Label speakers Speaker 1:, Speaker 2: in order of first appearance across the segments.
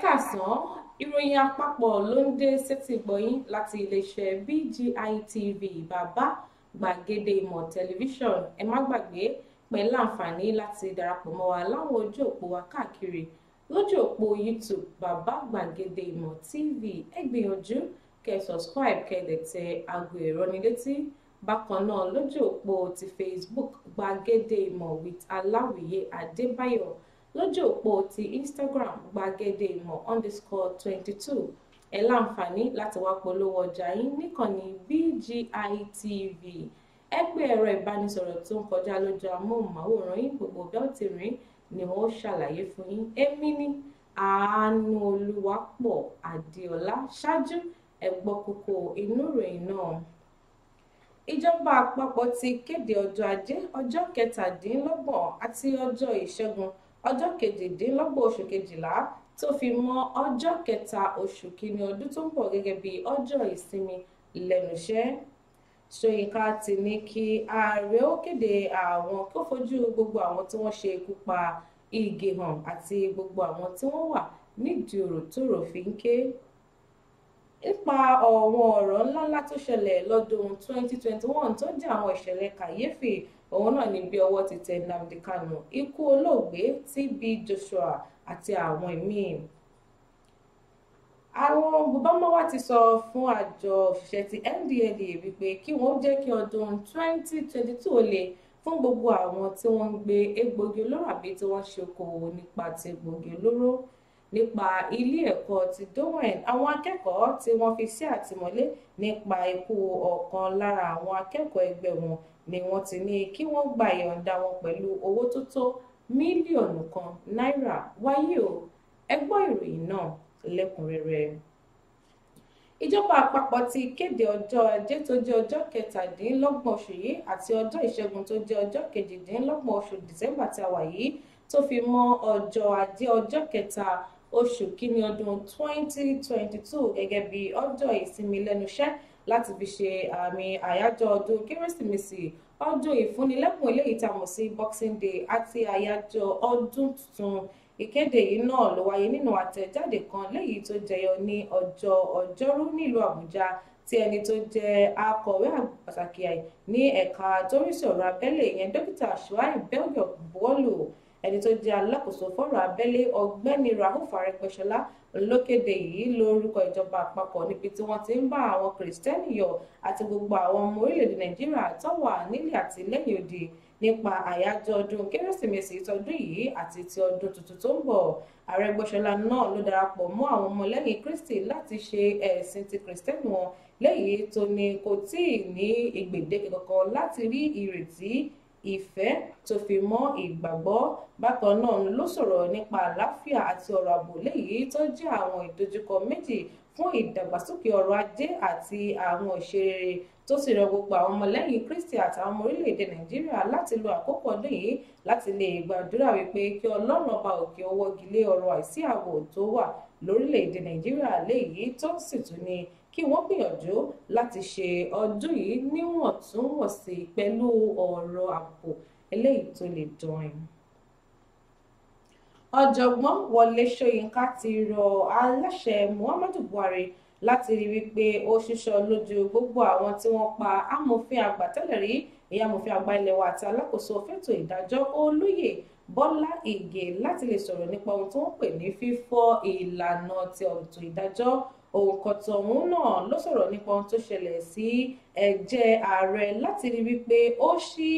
Speaker 1: ẹ̀kásán ìròyìn àpapọ̀ ló ń dé sétí gbọ̀yìn láti iléeṣẹ́ BGI TV bàbá gbàgede ìmọ̀ tẹlifíṣọ̀n ẹ má gbàgbé pẹ̀lú àǹfààní láti darapọ̀ mọ́ wa láwọn ojú òpó wa káàkiri lójú òpó YouTube bàbá gbàgede ìmọ̀ TV ẹ gbìyànjú kẹ́ subscribe kẹ́ dẹ̀ tẹ aago ìrọ́nilétí bákan náà lójú òpó ti Facebook gbàgede ìmọ̀ with aláwìyé adébáyọ̀ lójú òpó ti instagram gbàgede ìmọ̀ underscore twenty two ẹ láǹfààní láti wá polówó ọjà yín níkànnì BGITV ẹ pé ẹ̀rọ ìbánisọ̀rọ̀ tó ń kọjá lójú amóhùnmáwòrán yín gbogbo bẹ́ọ̀tìrín ni wọ́n ṣàlàyé fún yín èmi ní àánú olúwapọ̀ adéọlá ṣáájú ẹ gbọ́ kókó inú ìròyìn náà ìjọba àpapọ̀ ti kéde ọjọ́ ajé ọjọ́ kẹtàdínlọ́gbọ̀n àti ọjọ́ ìṣẹ́gun ọjọ́ kejìdínlọ́gbọ̀n oṣù kejìlá tó fi mọ́ ọjọ́ kẹta oṣù kìíní ọdún tó ń bọ̀ gẹ́gẹ́ bí ọjọ́ ìsinmi lẹ́nu iṣẹ́ Ṣóyínká ti ní kí ààrẹ ó kéde àwọn kó fojú gbogbo àwọn tí wọ́n ṣe ikú pa Ige hàn àti gbogbo àwọn tí wọ́n wà nídìí ọ̀rọ̀ tóró fi ń ké nípa ọ̀wọ́n ọ̀rọ̀ ńláńlá tó ṣẹlẹ̀ lọ́dún 2021 tó jẹ́ àwọn ìṣẹ̀lẹ̀ kàyéfì òun náà ni bí ọwọ́ ti tẹ Nnamdi Kanu ikú olóògbé TB Joshua àti àwọn míì àwọn bùbámọ́wá ti sọ fún àjọ òṣìṣẹ́ ti NDLEA wípé kí wọ́n jẹ́ kí ọdún 2022 lè fún gbogbo àwọn tí wọ́n ń gbé egbògi olóró àbí tí wọ́n ṣe okòwò nípa ti egbògi olóró nípa ilé ẹ̀kọ́ ti Dowen àwọn akẹ́kọ̀ọ́ tí wọ́n fi sí àtìmọ́lé nípa ikú ọ̀kan lára àwọn akẹ́kọ̀ọ́ ẹgbẹ́ wọn ni wọ́n ti ní kí wọ́n gba ìyọ̀ǹda wọn pẹ̀lú owó tó tó mílíọ̀nù kan náírà wáyé o ẹ gbọ́ ìròyìn náà lẹ́kùnrẹ́rẹ́ ìjọba àpapọ̀ ti kéde ọjọ́ ajé tó jẹ́ ọjọ́ kẹtàdínlọ́gbọ̀n oṣù yìí àti ọjọ́ ìṣẹ́gun tó jẹ́ ọjọ́ kejìdínlọ́gbọ̀n oṣù dìsẹ́mbà tí a wà yìí tó fi mọ́ ọjọ́ ajé ọjọ́ kẹta oṣù kínní ọdún 2022 gẹ́gẹ́ bí ọjọ́ ìsinmi lẹ́nu iṣẹ́ láti fi ṣe àmì àyájọ́ ọdún kérésìmesì ọdún ìfúnnilẹ́kùn eléyìí tá a mọ̀ sí boxing day àti àyájọ́ ọdún tuntun ìkéde yìí náà ló wáyé nínú àtẹ̀jáde kan léyìí tó jẹyọ ní ọjọ́ ọjọ́rú nílùú àbújá tí ẹni tó jẹ́ akọ̀wé pàtàkì ní ẹ̀ka tó ń sọ̀rọ̀ abẹ́lé ìyẹn dókítà shuaib belgium buwọ́lù ẹni tó jẹ́ alákòóso fọ́rọ̀ abẹ́lé ọ̀gbẹ́ni Rauf Arẹ́gbẹ́ṣọlá olókèdè yìí lórúkọ ìjọba àpapọ̀ níbi tí wọ́n ti ń bá àwọn kìrìsìtẹ́nì yọ àti gbogbo àwọn ọmọ orílẹ̀-èdè Nàìjíríà tó wà nílẹ̀ àti lẹ́yìn odi nípa àyájọ́ ọdún kérésìmesì tọdún yìí àti ti ọdún tuntun tó ń bọ̀ Arẹ́gbẹ́ṣọlá náà ló darapọ̀ mọ́ àwọn ọmọlẹ́yìn Kristi láti ṣe ẹ̀sìn ti kìrìsìtẹ́nì wọn lẹ́yìn tó ni kò tíì ní ìgbèdéke kankan láti rí ìrètí ìfẹ́ tó fi mọ́ ìgbàgbọ́ bákan náà ló sọ̀rọ̀ nípa àlàáfíà àti ọ̀rọ̀ ààbò léyìí tó jẹ́ àwọn ìdojúkọ méjì fún ìdàgbàsókè ọrọ̀ ajé àti àwọn ìṣerere tó sì rọ gbogbo àwọn ọmọlẹ́yìn Kristi àtàwọn ọmọ orílẹ̀-èdè Nàìjíríà láti lo àkókò ọdún yìí láti lè gbàdúrà wípé kí Ọlọ́run ọba òkè ó wọ́gi lé ọrọ̀ àìsí ààbò tó wà lórílẹ̀‐èdè nàìjíríà léyìí tó sì tún ní kí wọ́n gbìyànjú láti ṣe ọdún yìí níwọ̀ntúnwọ̀nsì pẹ̀lú ọ̀rọ̀ ààbò eléyìí tó lè dọ̀yìn. ọ̀jọ̀gbọ́n wọlé ṣóyínká ti rọ aláṣẹ muhammadu buhari láti rí wípé ó ṣiṣọ́ lójú gbogbo àwọn tí wọ́n pa amòfin àgbà tẹ́lẹ̀ rí ìyàmòfin àgbà ilé wa àti alákòóso fẹ́tò ìdájọ́ olóyè bọ́lá ìgè láti lè sọ̀rọ̀ nípa ohun tó ń pè ní fífọ́ ìlànà ti ọ̀tọ̀ ìdájọ́ òǹkọ̀tọ̀ ọ̀hún náà ló sọ̀rọ̀ nípa ohun tó ṣẹlẹ̀ sí ẹ̀jẹ̀ ààrẹ láti rí wípé ó ṣí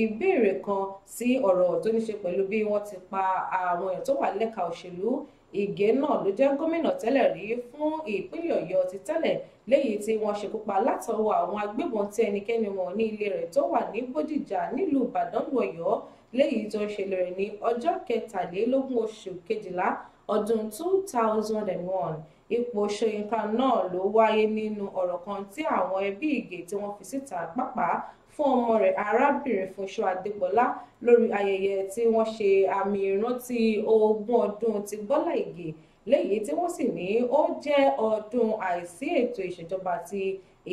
Speaker 1: ìbéèrè kan sí ọ̀rọ̀ tó ní ṣe pẹ̀lú bí wọ́n ti pa àwọn èèyàn tó wà lẹ́ka òṣèlú Ìgè náà ló jẹ́ gómìnà tẹ́lẹ̀ rí fún ìpínlẹ̀ Ọ̀yọ́ ti tẹ́lẹ̀ léyìí tí wọ́n ṣekúpa látọwọ́ àwọn agbébọn tí ẹnikẹ́ni wọn ní ilé rẹ̀ tó wà ní Bódìjà nílùú Ìbàdàn lọ́yọ́ léyìí tó ń ṣẹlẹ̀ rẹ̀ ní ọjọ́ kẹtàlélógún oṣù kejìlá ọdún two thousand and one ipò Ṣóyínká náà ló wáyé nínú ọ̀rọ̀ kan tí àwọn ẹbí Ìgè tí wọ́n fi síta pàápàá fún ọmọ rẹ̀ arábìnrin Fúnṣọ́ Adégbọlá lórí ayẹyẹ tí wọ́n ṣe àmì ìrántí ogún ọdún ti Gbọ́lá Ìgè léyìí tí wọ́n sì ní ó jẹ́ ọdún àìsí ètò ìṣèjọba àti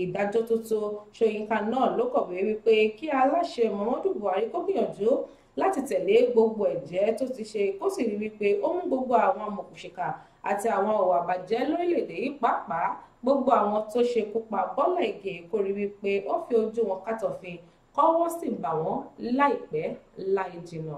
Speaker 1: ìdájọ́ tó tó Ṣóyínká náà ló kọ̀wé wípé kí aláṣẹ Muhammadu Buhari kó gbìyànjú láti tẹ̀lé gbogbo ẹ̀jẹ́ tó ti ṣe kó sì rí wípé ó mú gbogbo àwọn amọ̀kùnṣìkà àti àwọn ọ̀wà àbàjẹ́ lórílẹ̀ yìí pàápàá gbogbo àwọn tó ṣekúpa Bọ́lá Ìgè kó rí wípé ó fi ojú wọn kàtọ̀fin kọ́wọ́ sì bà wọ́n láìpẹ́ láì jìnnà.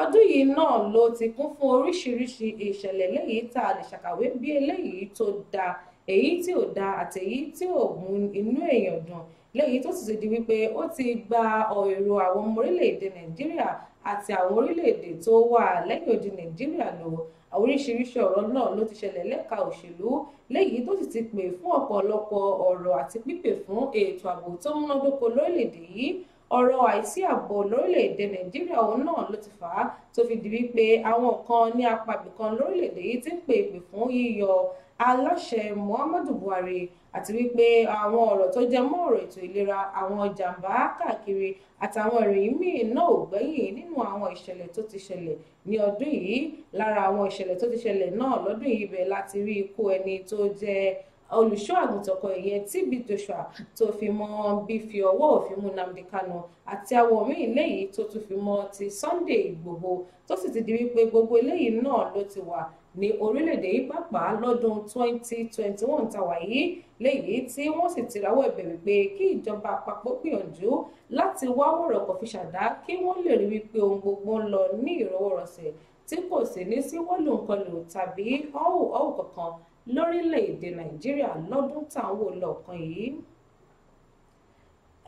Speaker 1: ọdún yìí náà ló ti kún fún oríṣiríṣi ìṣẹ̀lẹ̀ léyìí tá a lè ṣàkàwé bí eléyìí tó dáa èyí tí ò dáa àtèyí tí ò mú inú èèyàn dùn léyìí tó sì ti di wípé ó ti gba èrò àwọn ọmọ orílẹ̀-èdè Nàìjíríà àti àwọn orílẹ̀-èdè tó wà lẹ́yìn odi nàìjíríà lò oríṣiríṣi ọ̀rọ̀ náà ló ti ṣẹlẹ̀ lẹ́ka òṣèlú léyìí tó sì ti pè fún ọ̀pọ̀lọpọ̀ ọ̀rọ̀ àti pípè fún ètò ààbò tó múnádóko lórílẹ̀-èdè yìí ọ̀rọ̀ àìsí ààbò lórílẹ̀‐èdè nàìjíríà òun náà ló ti fà á tó fi di wípé àwọn kan ní apàbì kan lórílẹ̀‐èdè yìí ti ń pè pè fún yíyọ aláṣẹ muhammadu buhari àti wípé àwọn ọ̀rọ̀ tó jẹ mọ́ ọ̀rọ̀ ètò ìlera àwọn jàǹbá káàkiri àtàwọn ìròyìn míì náà ò gbẹ́yìn nínú àwọn ìṣẹ̀lẹ̀ tó ti ṣẹlẹ̀ ní ọdún yìí lára àwọn ìṣẹ̀lẹ̀ tó ti ṣẹlẹ̀ náà lọ́dún yìí bẹ̀ láti rí ikú ẹni tó jẹ́ olùṣọ́ àgùntàn kan ìyẹn TB Joshua tó fi mọ́ bí fi ọwọ́ òfin mú Nnamdi Kanu àti àwọn míì léyìí tó tún fi mọ́ ti Sunday Ìgbòho tó sì ti di wípé gbogbo eléyìí náà ló ti wà ní orílẹ̀-èdè yìí pàápàá lọ́dún 2021 tàwa yìí léyìí tí wọ́n sì ti rawọ́ ẹ̀bẹ̀ wípé kí ìjọba àpapọ̀ gbìyànjú láti wá wọ̀rọ̀ kan fi ṣàdá kí wọ́n lè rí wípé ohun gbogbo ń lọ ní ìrọwọ́rọsẹ̀ tí kò sì ní sí wọ́lù nǹkan lò tàbí ọ̀hún ọ̀hún kankan lórílẹ̀‐èdè nàìjíríà lọ́dún tá à ń wò lọ́ọ̀kan yìí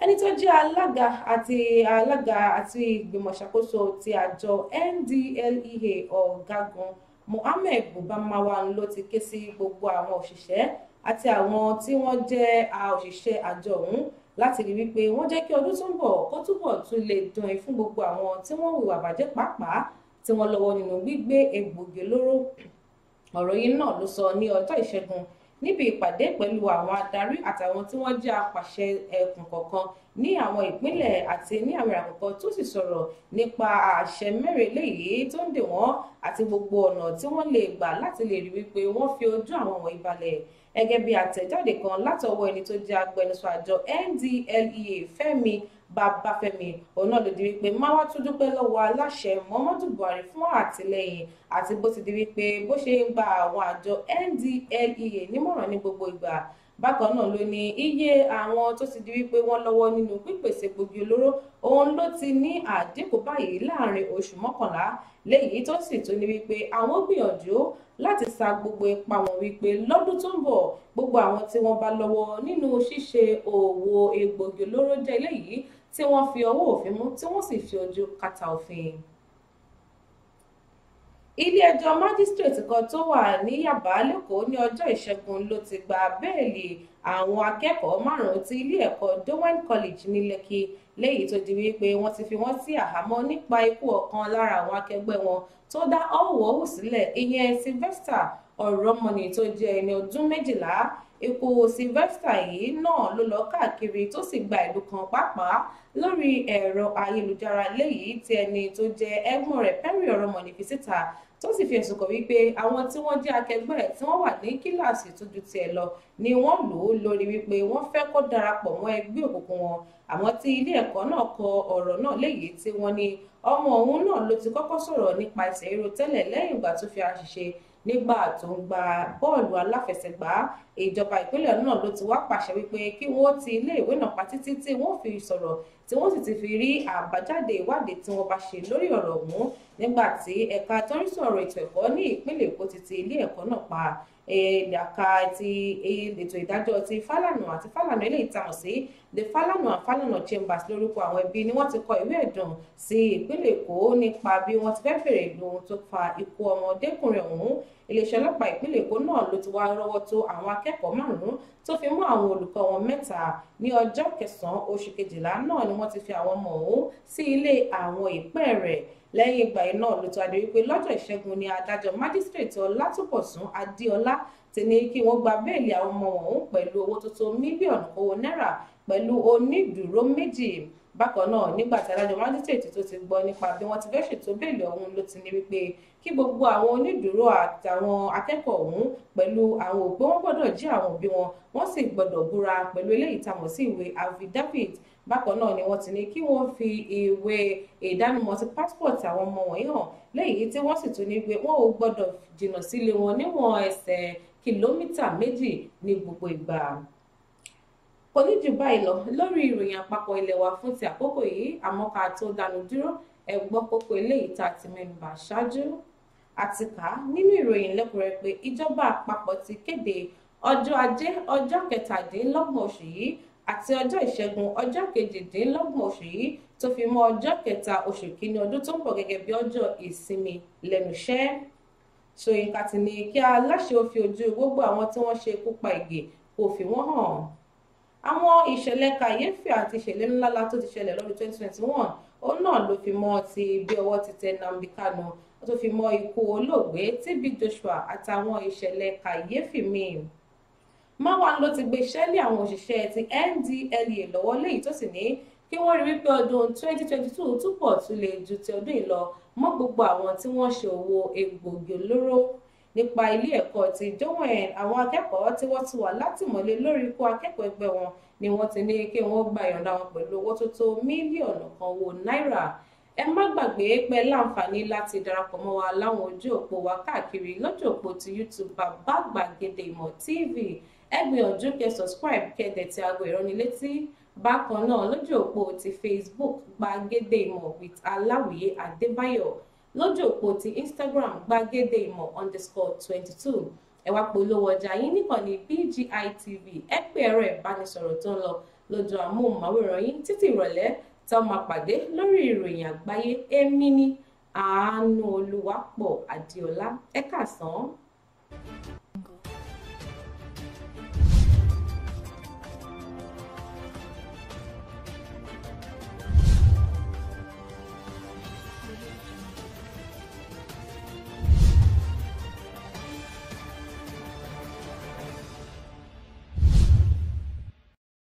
Speaker 1: ẹni tó jẹ́ alága àti alága àti ìgbìmọ̀ ṣàkóso ti àjọ NDLEA ọ̀gágun Mohammed Buba Marwan ló ti ké sí gbogbo àwọn òṣìṣẹ́ àti àwọn tí wọ́n jẹ́ òṣìṣẹ́ àjọ ọ̀hún láti rí wípé wọ́n jẹ́ kí ọdún tó ń bọ̀ kó túbọ̀ tún lè dùn fún gbogbo àwọn tí wọ́n hùwà bàjẹ́ pàápàá tí wọ́n lọ́wọ́ nínú gbígbé egbògi olóró ọ̀rọ̀ yìí náà ló sọ ní ọjọ́ ìṣẹ́gun níbi ìpàdé pẹ̀lú àwọn adarí àtàwọn tí wọ́n jẹ́ apàṣẹ ẹkùn kọ̀ọ̀kan ní àwọn ìpínlẹ̀ àti ní àwọn àkọ́kọ́ tó sì sọ̀rọ̀ nípa àṣẹ mẹ́rin léyìí tó ń dè wọ́n àti gbogbo ọ̀nà tí wọ́n lè gbà láti lè rí wípé wọ́n fi ojú àwọn wọ̀nyí balẹ̀ gẹ́gẹ́ bí àtẹ̀jáde kan látọwọ́ ẹni tó jẹ́ agbẹnusọ àjọ NDLEA Fẹ́mi babafẹ́mi òun náà ló di wípé máwá tún dúpẹ́ lọ́wọ́ aláṣẹ muhammadu buhari fún àtìlẹ́yìn àti bó ti di wípé bó ṣe ń gba àwọn àjọ ndlea nímọ̀ràn ní gbogbo ìgbà bákan náà ló ní iye àwọn tó ti di wípé wọ́n lọ́wọ́ nínú pípèsè gbòógì olóró òun ló ti ní àdínkù báyìí láàrin oṣù mọ́kànlá léyìí tó sì tún ní wípé àwọn gbìyànjú láti sa gbogbo ipa wọn wípé lọ́dún tó ń bọ̀ gbogbo àwọn tí wọ́n bá lọ́wọ́ nínú ṣíṣe òwò egbòogi olóró jẹ́ léyìí tí wọ́n fi ọwọ́ òfin mú tí wọ́n sì fi ojú kàtà òfin. ilé-ẹjọ́ májísírèètì kan tó wà ní Yàbá lẹ́kọ̀ọ́ ní ọjọ́ ìṣẹ́gun ló ti gba bẹ́ẹ̀lì àwọn akẹ́kọ̀ọ́ márùn-ún ti ilé ẹ̀kọ́ Dowen College ní Lekki léyìí tó di wípé wọ́n ti fi wọ́n sí àhámọ́ nípa ikú ọ̀kan lára àwọn akẹgbẹ́ wọn tó dá ọ̀wọ́wù sílẹ̀ ìyẹn Sylvester ọ̀rọ̀mọ̀nì tó jẹ́ ẹni ọdún méjìlá ikú Sylvester yìí náà ló lọ káàkiri tó sì gba ìlú kan pàápàá lórí ẹ̀rọ ayélujára léyìí tí ẹni tó jẹ́ ẹ̀gbọ́n rẹ̀ Perry ọ̀rọ̀mọ̀nì fi síta tó sì fi ẹ̀sùn kàn wípé àwọn tí wọ́n jẹ́ akẹgbẹ́ ẹ̀ tí wọ́n wà ní kíláàsì tó ju tiẹ̀ lọ ni wọ́n lò ó lórí wípé wọ́n fẹ́ kó darapọ̀ mọ́ ẹgbẹ́ òkùnkùn wọn àmọ́ tí ilé ẹ̀kọ́ náà kọ ọ̀rọ̀ náà léyìí tí wọ́n ní ọmọ òun náà ló ti kọ́kọ́ sọ̀rọ̀ nípa ẹsẹ̀ ríro tẹ́lẹ̀ lẹ́yìn ìgbà tó fi àṣìṣe nígbà tó ń gba bọ́ọ̀lù aláfẹsẹ̀gbá ìjọba ìpínlẹ̀ náà ló ti wá pàṣẹ wípé kí wọ́n ti ilé ìwé náà pa títí tí wọ́n fi sọ̀rọ̀ tí wọ́n sì ti fi rí àbájáde ìwádìí tí wọ́n bá ṣe lórí ọ̀rọ̀ ọ̀hún nígbà tí ẹ̀ka tó ń sọ̀rọ̀ ètò ẹ̀kọ́ ní ìpínlẹ̀ èkó ti ti ilé ẹ̀kọ́ náà pa ẹ̀ka e, ti e, ètò ìdájọ́ ti Fálànà àti Fálànà eléyìí táwọn sí the Fálànà and Fálànà Chambers lórúkọ àwọn ẹbí ni wọ́n ti kọ ìwé ẹ̀dùn sí ìpínlẹ̀ èkó nípa bí wọ́n ti fẹ́ fèrè lóhun tó fa ikú ọmọdékùnrin ọ̀hún iléeṣẹ́ ọlọ́pàá ìpínlẹ̀ èkó náà ló ti wá rọ́wọ́ tó àwọn akẹ́kọ̀ọ́ márùn-ún tó fi mú àwọn olùkọ́ wọn mẹ́ta ní ọjọ́ kẹsàn-án oṣù kejìlá náà ni wọ́n ti fi àwọn ọmọ ọ̀hún sí ilé àwọn ìpẹ́ẹ̀rẹ̀ lẹ́yìn ìgbà yìí náà ló tó adé wípé lọ́jọ́ ìṣẹ́gun ni adájọ́ májísírèètì ọlátúpọ̀sún adéọlá ti ní kí wọ́n gba béèlì àwọn ọmọ wọn pẹ̀lú owó tó tó mílíọ̀nù owó náírà pẹ̀lú onídùúró méjì bákan náà nígbà tí adájọ́ májísírèètì tó ti gbọ́ nípa bí wọ́n ti fẹ́ ṣètò béèlì ọ̀hún ló ti ní wípé kí gbogbo àwọn onídùúró àtàwọn akẹ́kọ̀ọ́ ọ̀hún pẹ̀lú àwọn òpin wọn gbọ́dọ̀ jí àwọn òbí wọn wọ́n sì gbọ́dọ̀ búra pẹ̀lú eléyìí tá a mọ̀ sí bákan náà ni wọ́n ti ní kí wọ́n fi ìwé ìdánimọ̀ ti passport àwọn ọmọ wọ̀nyí hàn léyìí tí wọ́n sì tún ní pé wọ́n ò gbọ́dọ̀ jìnnà sílé wọn níwọ̀n ẹsẹ̀ kìlómítà méjì ní gbogbo ìgbà kò ní jù báyìí lọ lórí ìròyìn àpapọ̀ ilé wa fún ti àkókò yìí àmọ́ ká tó dánu dúró ẹ gbọ́ kókó eléyìí tá a ti mẹ́nubà ṣáájú àti ká nínú ìròyìn lẹ́kùnrẹ́ pé ìjọba àpapọ̀ ti kéde ọjọ́ ajé ọjọ́ kẹtàdínlọ́gbọ̀n oṣù yìí àti ọjọ́ ìṣẹ́gun ọjọ́ kejìdínlọ́gbọ̀n oṣù yìí tó fi mọ́ ọjọ́ kẹta oṣù kínní ọdún tó ń bọ̀ gẹ́gẹ́ bí ọjọ́ ìsinmi lẹ́nu iṣẹ́ Ṣóyínká ti ní kí aláṣẹ ó fi ojú gbogbo àwọn tí wọ́n ṣe ikú pa Ìgè kó fi wọ́n hàn àwọn ìṣẹ̀lẹ̀ kàyéfì àti ìṣẹ̀lẹ̀ ńláńlá tó ti ṣẹlẹ̀ lọ́dún 2021 òun náà ló fi mọ́ ti bí ọwọ́ ti tẹ Nnamdi Kanu tó fi mọ́ ikú olóògbé TB Joshua àtàwọn ìṣẹ̀lẹ̀ kàyéfì míì Marwan ló ti gbé iṣẹ́ lé àwọn òṣìṣẹ́ ti NDLEA lọ́wọ́ léyìí tó sì ní kí wọ́n rí wípé ọdún 2022 túbọ̀ tún lè ju ti ọdún yìí lọ mọ́ gbogbo àwọn tí wọ́n ṣe òwò egbògi olóró nípa ilé ẹ̀kọ́ ti Dowen àwọn akẹ́kọ̀ọ́ tí wọ́n ti wà látìmọ́lé lórí ikú akẹ́kọ̀ọ́ ẹgbẹ́ wọn ni wọ́n ti ní kí wọ́n gba ìyọ̀ǹda wọn pẹ̀lú owó tó tó mílíọ̀nù kan owó náírà ẹ má gbàgbé pé láǹfààní láti darapọ̀ mọ́ wa láwọn ojú òpó wa káàkiri lójú òpó ti YouTube Bàbá Gbàgede Ìmọ̀ TV ẹ gbìyànjú kẹ́ subscribe kẹ́ dẹ̀ ti aago ìránnilétí bákan náà lójú òpó ti facebook gbàgede ìmọ̀ with aláwìyé adébáyọ̀ lójú òpó ti instagram gbàgede ìmọ̀ underscore twenty two ẹ wá polówó ọjà yín níkànnì BGI TV ẹ pè ẹ̀rọ ìbánisọ̀rọ̀ tó ń lọ lójú àmúhùnmáwòrán yín títí ìrọ̀lẹ́ tá a máa pàdé lórí ìròyìn àgbáyé èmi ní àánú olúwapọ̀ adéọlá ẹ kà sán.